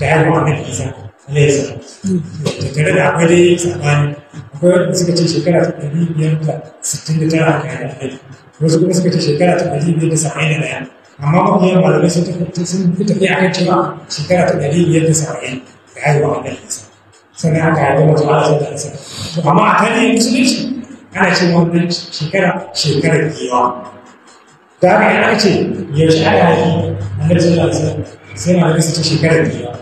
da ya goma mai isa da tattare da akwai dai tsammani akwai wanda suka ce shekara ta ɗari biyar da sittin da tara da yanayi wasu kuma suka ce shekara ta ɗari biyar da saba'in da ɗaya amma yawan malamai sun tafi sun fi tafiya akan cewa shekara ta ɗari biyar da saba'in da haihuwa annabi isa sannan aka haifi masu ala sun da isa to amma a tarihin musulunci ana ce wannan shekara shekarar giwa da haka in ce yaushe aka haifi annabi sun da isa sai malamai su ce shekarar giwa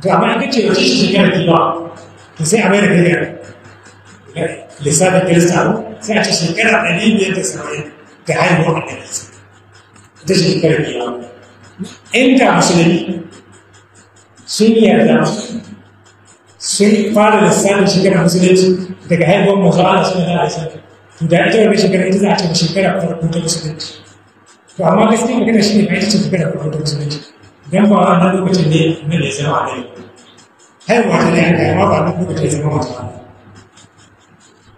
to amma an kace yaushe shekarar giwa to sai a mai da kai lissafin kirista suka ce shekara ɗari biyar da saba'in ga haihuwar annabi ita shekara biyar in ka musulmi sun yarda sun fara lissafin shekara musulunci daga haihuwar mazu ala suna da alisa to da ita wannan shekara ita za a ce shekara farko ta musulunci to amma gaskiya magana shi ne ita ce shekara farko ta musulunci dan ba wannan lokacin ne na ya zama a haihuwa ta ne a kai amma ba lokacin ya zama ba.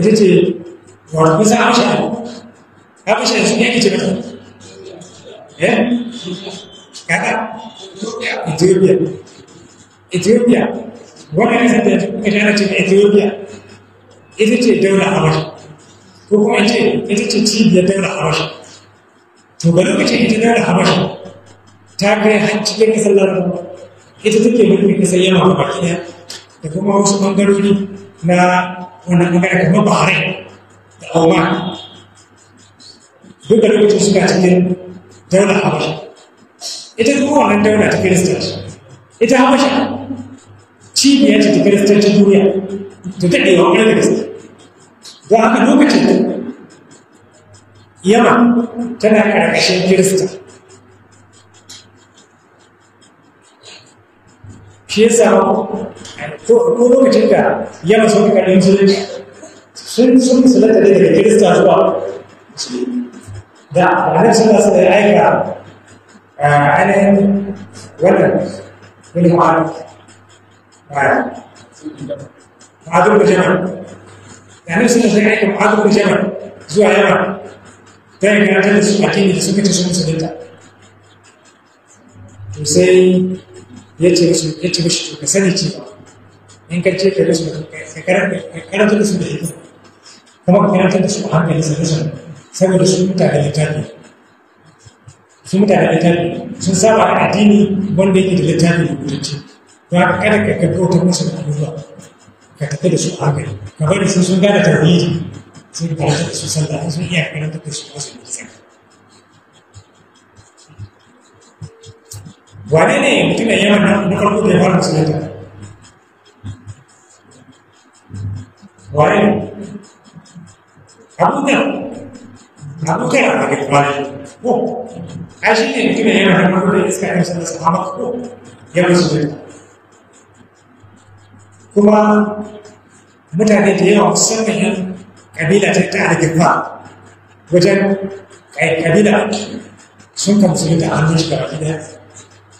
ita ce wani kusa haɓashe haɓashe su ne ke mata eh kaka ethiopia ethiopia wannan kasar da kuka tana ce ethiopia ita ce daular ko kuma ce ita ce cibiyar daura haɓashe to ga lokacin ita daular ta kai har kasar larabawa ita take mulkin kasar yana haɓa ɗaya da kuma wasu bangarori na wannan magana kuma bahari da oman duk da lokacin suka cikin daular habasha ita kuma wannan daula ta kiristanci ita habasha cibiya ce ta kiristancin duniya ta daɗe wa wani kirista don haka lokacin yamma tana ƙarƙashin kirista Chiesa kuuluuko katika yana sote kali msulini sun sun sulata da ke kirista zuwa da annabi sallallahu alaihi wasallam aika ainihin wannan wani ma'ana ma'adul bujana annabi sallallahu alaihi wasallam aika ma'adul bujana zuwa yana ta yi karatar da su a kini da suka ci sun musulunta to sai ya ce musu ya ce musu to ka sani cewa in ka ce ka rasu ka karanta da su da hikima kuma ka karanta da su a hankali sai rasu saboda su mutane littafi su mutane littafi sun saba a addini wanda yake da littafi rubutacce don haka kada ka kafa wata musu da ruwa, ka tafi da su a hankali ka bari sun sun gane tarihi sun karanta da su sallah sun iya karanta da su wasu da wane ne mutumin yaman nan na farko da ya fara musulunta wane abubuwan abubuwan a kake kuma ko a shi ne mutumin yaman nan farko da iska yin sanar sa hama ko ya musulunta kuma mutane da yawa musamman yan kabila ta ta algifa wajen eh, kabila sun ka hannun shi gaba ɗaya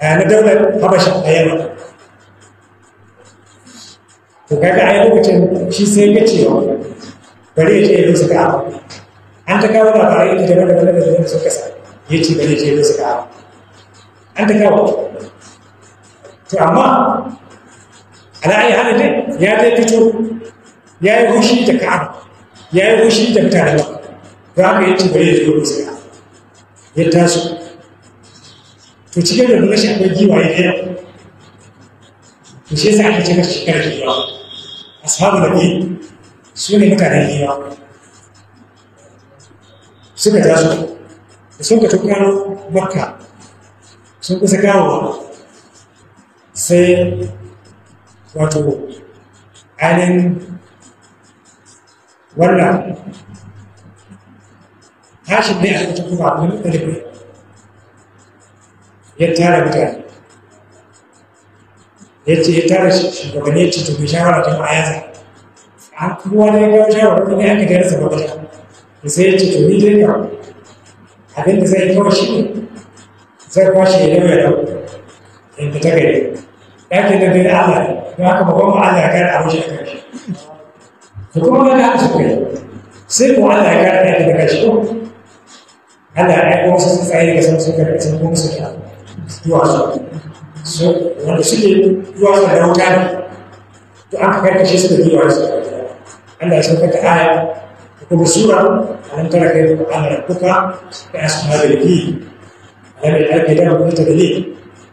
Eh, na daular habasha a yamma to kaga a lokacin shi sai ya cewa bari ya je ya rusa ka an ta kawo labarai ita da wanda da da sun kasa. ya ce bari ya je ya rusa ka an ta kawo to amma ala ayi hali ne ya dai fito ya yi hushi da ka'aba ya yi hushi da mutane ba za ka yi ci bari ya je ya rusa ka ya taso to cikin da kuma shi akwai giwaye da yawa to shi yasa aka ce ka kan giwa ashabu da biyu su ne mutanen giwa suka taso da sun ka tukar makka sun kusa kawo sai wato ainihin wannan hashin ne a cikin kuma abin da ya tara mutane ya ce ya tara shugabanni ya ce to mai shawara ta ma'ayaza a kowa da ya kawo shawara kuma ya kaga rasa mafita da sai ya ce to ni dai ka abin da zai kawo shi ne zai kwashe ya dawo ya dawo ta gari ɗakin da bai da Allah don haka babban ma'aza ya kare abin shi a karshe da kuma wani haka suka yi sai kuma Allah ya kare daga da ko? Allah ya aiko wasu tsaye da sun suka da sun kuma suka yuwaso so wanda suke yuwaso da wuta ne to an ka karkashe su da yuwaso Allah ya saukar da aya da kuma sura alam tara kai da an rabbuka da ashabul fil alam al-ardi da kuma ta dalil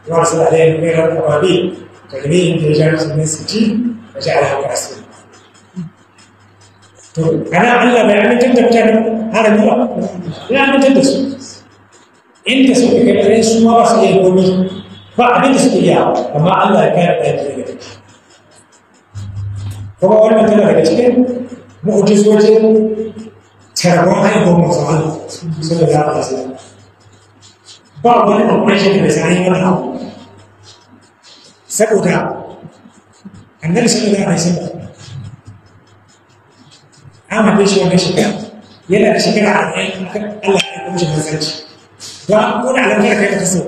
yuwaso da alayhi min rabbi تجريهم في رجال من ستين وجعلها كأسر أنا ألا بيعني جدا كان هذا هو لا أنا جدا سوء inda suka kai matsayin su ma ba su iya komi ba abin da suke iya amma Allah ya kare ɗaya daga ciki kuma wannan tana daga cikin mu'ujizojin tarbon haihuwar musamman sun da zama su ba wani operation da bai sani wani abu saboda annabi sallallahu alaihi wasallam an haife shi wannan shekara yana da shekara a Allah ya kuma shi manzanci ba wani alamar kai da so?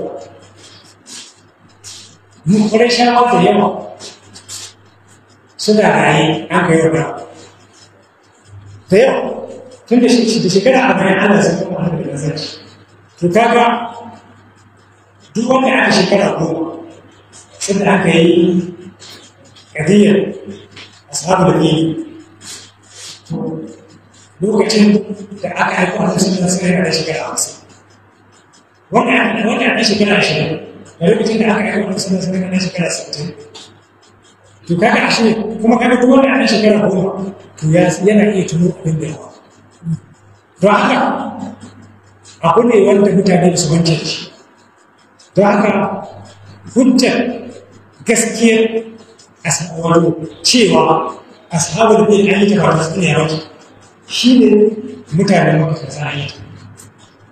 mu kure shawa da yawa suna raye an kai yau da yau tun da shekara a bayan Allah sun kuma hada da nazarci to kaga duk wanda aka shekara goma sun da aka yi kadiyar ashabu da ne lokacin da aka haifu a cikin nasarar da shekara hamsin waka waka na shekara ashirin da lokacin da aka yi wani sanar sanar na shekara sittin to kaga ashe kuma kaga duk wani ana shekara goma to yana iya tuno abin da yawa don haka abu ne wanda mutane da su wanke shi don haka hujjar gaskiyar asabawar cewa asabar bai ayyuka ba su ne yawa shi ne mutane maka sa ayyuka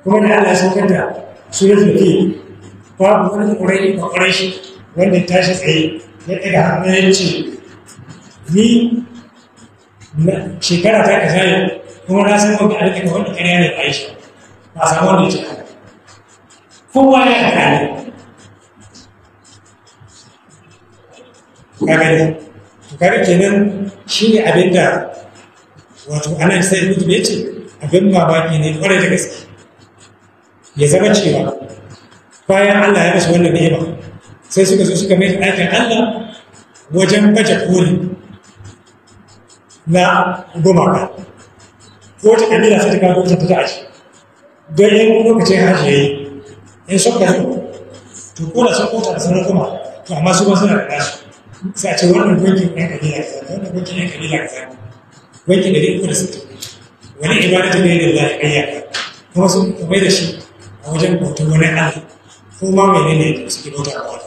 kuma da Allah ya saukar da su ya zafi babu wani ƙurai da ƙurai shi wanda shi tsaye ya ɗaga hannu ya ce ni shekara ta ka yau kuma na san wanda an kika wanda ƙarya ne ba shi ba a samu wanda ya ce haka kowa ya gane ka gani to kaga kenan shine abin da wato anan sai mutum ya ce abin mamaki ne kwarai da gaske ya zama cewa bayan Allah ya musu wannan ni'ima sai suka zo suka mai aikin Allah wajen baje koli na gumaka ko ta kabila sai ta kawo ta ta aji don yin lokacin hajji ya yi in suka zo to kola sun kota da sanar kuma to amma su ba suna da nasu sai a ce wannan bankin ɗan kabila ka zaka wannan bankin ɗan kabila ka zaka da ɗari uku da sittin wani ibadatu ne da za a iya kuma sun kuma da shi a wajen bautar wani allah ko ma mai ne da suke bauta a wani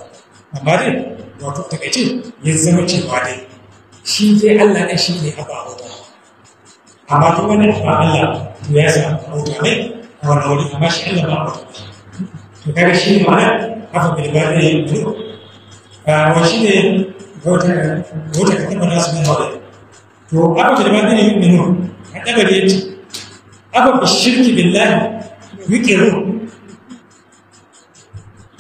amma dai wato takaice ya zama cewa dai shi zai allah ne shi ne abu a wata? amma to wani abu allah to ya samu bauta mai a wani wuri amma shi allah ba a bauta to kaga shi ne wani haka bai ba da ah, yi duk wani shi ne bautar ka taɓa nasu bin wani to haka bai ba zai yi duk a ɗaga da yace haka shirki billahi ruhu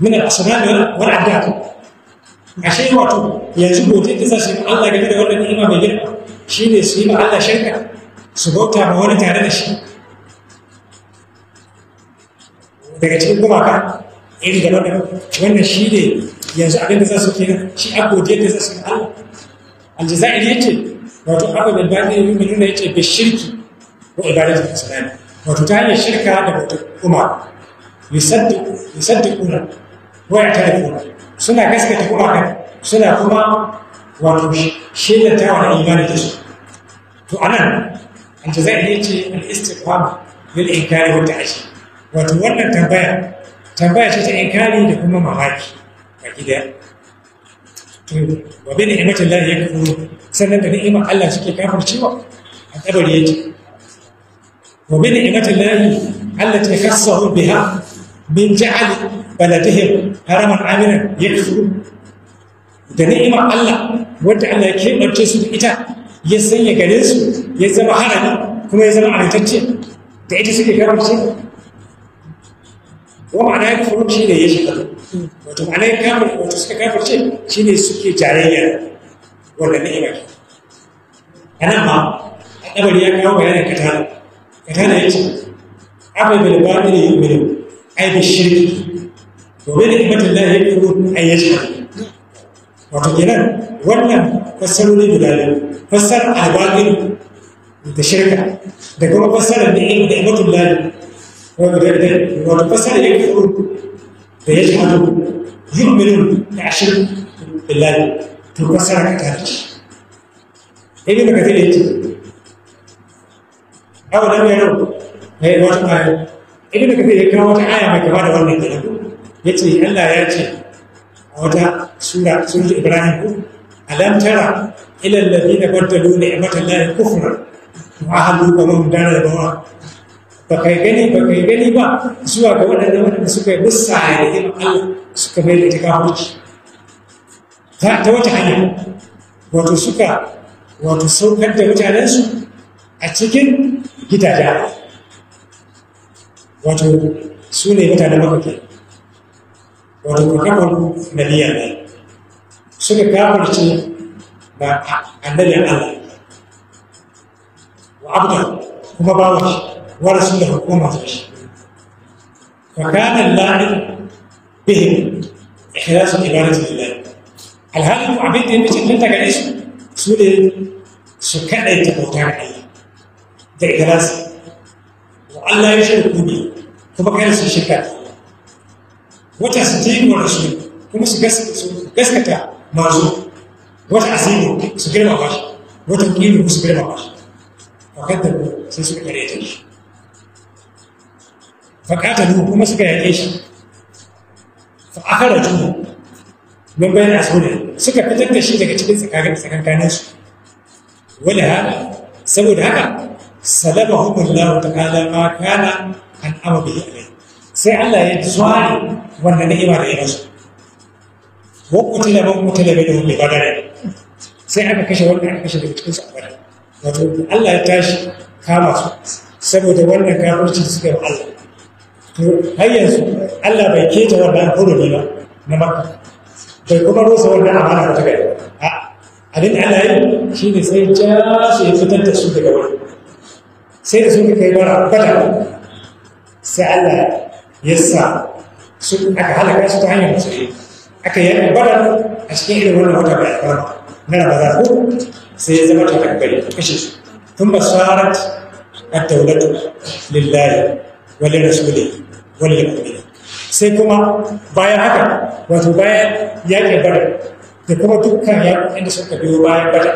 من al-asnam عشان وقت ashe wato yanzu gobe الله za su لك Allah game da wannan ni'ima mai girma shine su yi ma Allah shirka su bauta ma wani tare da shi daga cikin gumaka iri da wannan wannan shi ne yanzu abin da za su kenan shi a godiya da za su yi Allah aljazairi ce wato abu da bani nuna yace shirki wato ta hanyar shirka da kuma waya telefon suna gaskata gumakan suna kuma wato shelanta wani imani da su to anan an ta zai iya ce al-istiqam bil inkari wa ta'shi wato wannan tambaya tambaya ce ta inkari da kuma mamaki a gida to wa bi ni'matin lahi yakfuru sannan da ni'imar Allah suke kafircewa a kabari yake wa bi ni'matin lahi allati kassahu biha min ja'ali baladihim haraman aminan yakfuru da ni'imar Allah wanda Allah ya keɓance su da ita ya sanya garin su ya zama harami kuma ya zama amintacce da ita suke karamce wa ma'ana ya kafuru shi ne ya shiga wato ma'ana ya kafir wato suka kafirce shi ne suke jarayya wanda ni'ima ke ana ma a ɗabari ya kawo bayanin katana katana ya ce abai bai ba ne ya yi عيب الشرك وبين رحمة الله يقول أن يجعل وتجينا ولا فسروا لي بذلك فسر عواقب الشركة دكتور فسر النعيم نعمة الله وفسر يكفرون فيجعلوا يؤمنون بعشر بالله تفسر كذلك إيه ما قتلت أو لم يروا هي الواجب عليهم ibn kafin ya kawo wata aya mai gaba da wannan kenan ya ce Allah ya ce a wata sura surat ibrahim ko alam tara ila alladhina badalu ni'matallahi kufra wa mun qawmahum da bawa ba kai gani ba kai gani ba zuwa ga waɗannan waɗanda suka yi musa a yayin Allah suka mai da ta kafirci ta wata hanya wato suka wato saukar da mutanensu a cikin gidajen wato su ne mutane maka ke wato ku kafa nabiya ne suka kafirce ba annabi Allah wa abda kuma bawa shi wa rasulahu kuma shi وكان اللاعب بهم إحداث عبادة لله هل هذا المعبد دي مثل انت كان اسمه سوري سكان انت بوتان ده إحداث Allah ya shirya da kuma kai su shirka wata su ta yi wa rasu kuma su gaskata mazo wata asiri su girma ba shi wata kilo su girma ba shi a kan da sai su kare ta shi fakatalu kuma suka yaƙe shi a akara tuhu don bayan asuli suka fitar da shi daga cikin tsakankanin su haka saboda haka salabahum Allah ta'ala ma kana an ama bihi alai sai Allah ya tsare wannan ni'ima da ya masa wa qutila man qutila bainahum bi badal sai aka kashe wanda aka kashe daga cikin su a badal wato Allah ya tashi kama su saboda wannan kafirci da suka yi Allah to har yanzu Allah bai keta wannan hurumi ba na makka bai kuma rusa wannan amana ta gari abin da Allah yi shine sai ja su ya fitar da su daga wani sai da suka kai mara kwata sai Allah ya sa su aka halaka su ta hanyar musulmi aka yi bara a cikin irin wannan wata mai alfarma na ramadan ko sai ya zama tafi ta kashe su Tun ba ثم صارت الدولة wale da وللمؤمنين sai kuma bayan haka wato bayan ke bada da kuma dukkan yaƙin da suka biyo bayan bada.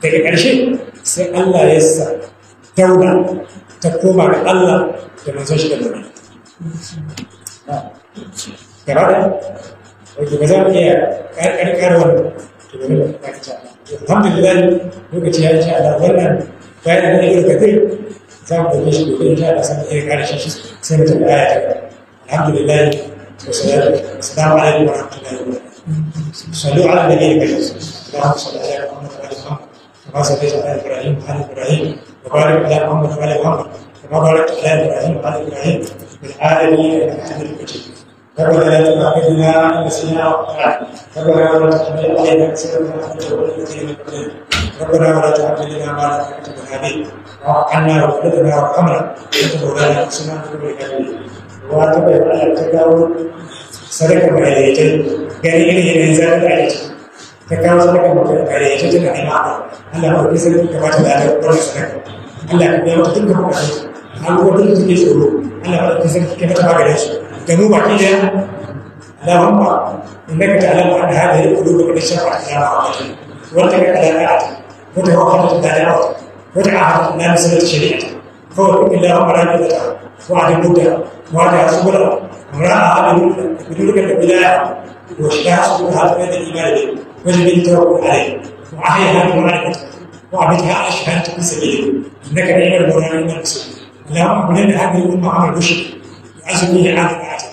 daga ƙarshe sai Allah ya sa tauba ta koma ga Allah da manzon shi da manzon gaba wajen ba za mu iya karkar wannan to bari ba ta ci alhamdulillah lokaci ya ci ala wannan bayan da yake zai za mu gobe shi gobe insha Allah sami iya shi sai tafi alhamdulillah كما صليت على ابراهيم وعلى ابراهيم وبارك على محمد وعلى محمد كما باركت على ابراهيم وعلى ابراهيم في العالمين انك حميد مجيد ربنا لا تؤاخذنا ان نسينا ربنا ولا تحمل علينا كسرا ما حملته الذين من قبلنا ربنا ولا تحملنا ما لا طاقه لنا به واعف عنا واغفر لنا وارحمنا انت مولانا فاصلنا من كل كافرين واتبع على التداول صدق ما اليتين يعني اليه من زاد kyakkyawar sadakar da ya ce jin daɗin haka Allah ba kusa da kamata da ta ɗauki sadaka Allah ka biya mata dukkan kuɗaɗe an kuma duk suke tsoro Allah ba kusa da kake mata maganin su da mu baki ɗaya Allahun ba innaka ta'lamu anna hadhihi al-qulub qad shafa'a kama wa'ata wa taka talaqa'at wa tawaqqa'at al-dalawat wa ta'ahadu an-nas sunnat shari'ata fa wa illa marajata wa 'adabta wa ta'ala subhanahu wa ta'ala amra'a bi dhulika al-bilaya wa shahadu hadha al-iman bihi وجب التوكل عليه وعليها الملائكة وعبدها أشهد في سبيلك إنك لعلى الهدى والمقصود اللهم قل لنا هذه الأمة عمل بشر وعزم به على طاعتك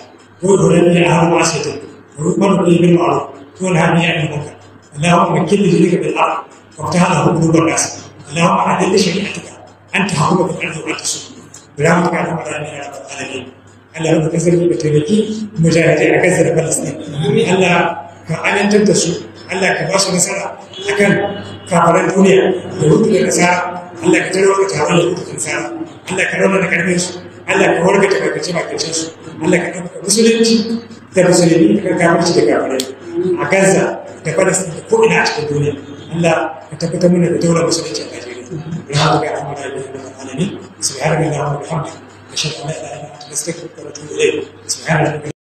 وادخل لي على معصيتك ويؤمر به بالمعروف وانهى عني يعني المنكر اللهم مكن لي دينك بالارض وابتهله قلوب الناس اللهم عدل لي شريعتك انت حكم في الارض وانت تسلم برحمتك اللهم لا اله الا انت العالمين اللهم كسر لي بالتركي مجاهدين اكسر فلسطين الا فعلنت تسوء Allah ka ba su nasara akan kafaran duniya da hudu da nasara Allah ka tarwata taron da hudu da nasara Allah ka rauna da karfin su Allah ka warka ta karkace bakin su Allah ka ɗaukaka musulunci da musulmi kan kafirci da kafirai a Gaza da Palestine da ko'ina a cikin duniya Allah ka tabbatar mana da daular musulunci a Najeriya ya haɗu ga amma da ya alamin subhanallahi wa bihamdihi ashhadu an la ilaha illa anta astaghfiruka wa atubu ilayk subhanallahi